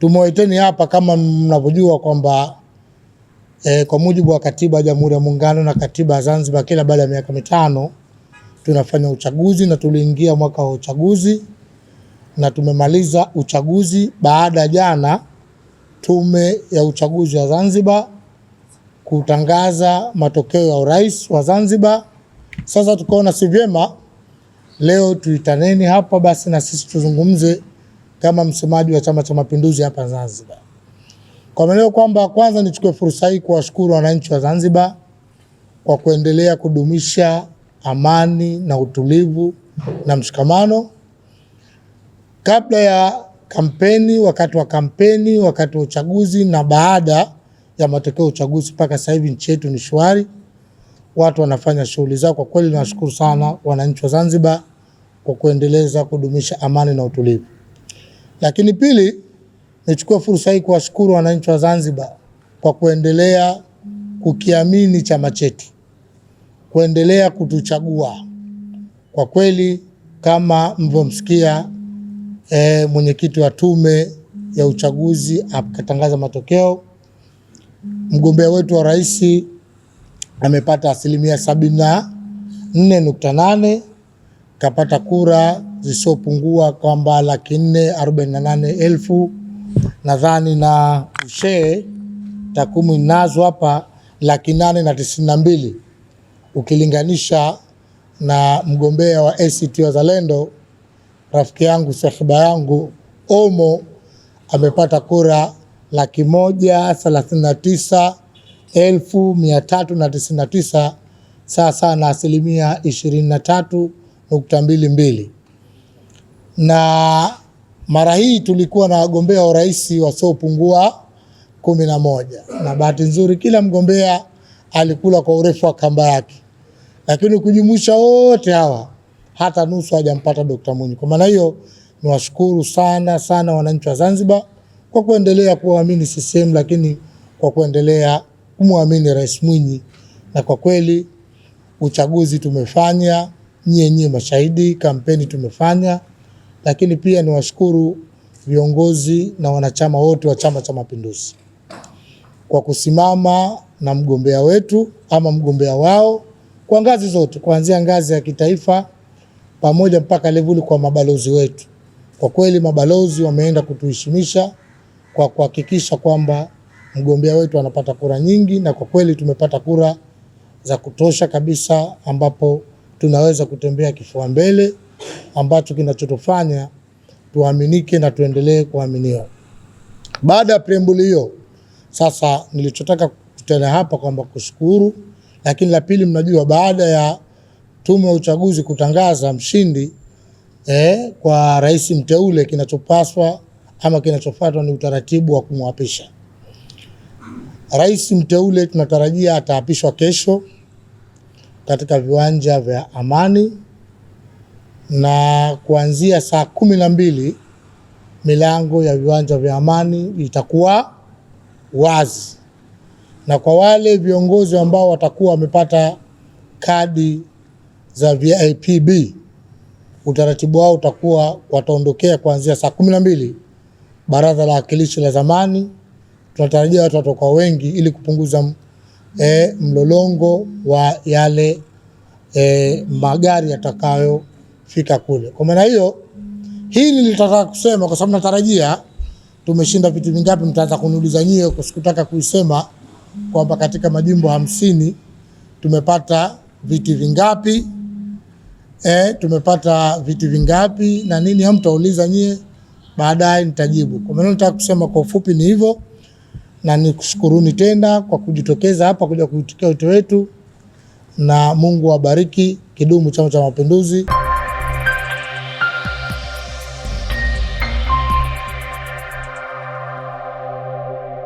tumewaiteni hapa kama mnavyojua kwamba e, kwa mujibu wa katiba ya Jamhuri ya Muungano na katiba ya Zanzibar kila baada ya miaka mitano tunafanya uchaguzi na tuliingia mwaka wa uchaguzi na tumemaliza uchaguzi baada jana tume ya uchaguzi wa Zanzibar kutangaza matokeo ya urais wa Zanzibar. Sasa tukaona si vyema leo tuitaneni hapa basi na sisi tuzungumze kama msemaji wa Chama cha Mapinduzi hapa Zanzibar. Kwa maana kwamba kwanza nichukue fursa hii kuwashukuru wananchi wa Zanzibar kwa kuendelea kudumisha amani na utulivu na mshikamano kabla ya kampeni, wakati wa kampeni, wakati wa uchaguzi na baada ya matokeo ya uchaguzi. Mpaka sasa hivi nchi yetu ni shwari, watu wanafanya shughuli zao. Kwa kweli, nawashukuru sana wananchi wa Zanzibar kwa kuendeleza kudumisha amani na utulivu. Lakini pili, nichukue fursa hii kuwashukuru wananchi wa Zanzibar kwa kuendelea kukiamini chama chetu, kuendelea kutuchagua. Kwa kweli kama mlivyomsikia e, mwenyekiti wa tume ya uchaguzi akatangaza matokeo, mgombea wetu wa rais amepata asilimia sabini na nne nukta nane kapata kura zisiopungua kwamba laki nne arobaini na nane elfu nadhani, na ushee takwimu inazo hapa laki nane na tisini na mbili ukilinganisha na mgombea wa ACT Wazalendo rafiki yangu sahiba yangu Omo amepata kura laki moja thelathini na tisa elfu mia tatu na tisini na tisa sawa sawa na asilimia ishirini na tatu nukta mbili mbili na mara hii tulikuwa na wagombea urais wasiopungua kumi na moja na bahati nzuri kila mgombea alikula kwa urefu wa kamba yake, lakini ukijumuisha wote hawa hata nusu hajampata Dr. Mwinyi. Kwa maana hiyo niwashukuru sana sana wananchi wa Zanzibar kwa kuendelea kuwaamini CCM, lakini kwa kuendelea kumwamini Rais Mwinyi. Na kwa kweli uchaguzi tumefanya, nyie nyie mashahidi, kampeni tumefanya lakini pia niwashukuru viongozi na wanachama wote wa Chama cha Mapinduzi kwa kusimama na mgombea wetu ama mgombea wao kwa ngazi zote, kuanzia ngazi ya kitaifa pamoja mpaka levuli kwa mabalozi wetu. Kwa kweli mabalozi wameenda kutuheshimisha kwa kuhakikisha kwamba mgombea wetu anapata kura nyingi, na kwa kweli tumepata kura za kutosha kabisa, ambapo tunaweza kutembea kifua mbele ambacho kinachotufanya tuaminike na tuendelee kuaminiwa. Baada ya preambuli hiyo, sasa nilichotaka kutana hapa kwamba kushukuru, lakini la pili, mnajua baada ya tume ya uchaguzi kutangaza mshindi eh, kwa rais mteule, kinachopaswa ama kinachofuatwa ni utaratibu wa kumwapisha rais mteule. Tunatarajia ataapishwa kesho katika viwanja vya Amani na kuanzia saa kumi na mbili milango ya viwanja vya Amani itakuwa wazi, na kwa wale viongozi ambao watakuwa wamepata kadi za VIPB utaratibu wao utakuwa wataondokea kuanzia saa kumi na mbili baraza la wakilishi la zamani. Tunatarajia watu watakuwa wengi ili kupunguza eh, mlolongo wa yale eh, magari yatakayo fika kule. Kwa maana hiyo, hili nilitaka kusema kwa sababu natarajia tumeshinda vitu vingapi, mtaanza kuniuliza nyewe, sikutaka kuisema kwamba katika majimbo hamsini tumepata viti vingapi eh, tumepata viti vingapi na nini, hamtauliza nyie, baadaye nitajibu. Kwa maana nataka kusema kwa ufupi ni hivyo, na nikushukuruni tena kwa kujitokeza hapa kuja kuitikia wito wetu, na Mungu awabariki. Kidumu Chama cha Mapinduzi!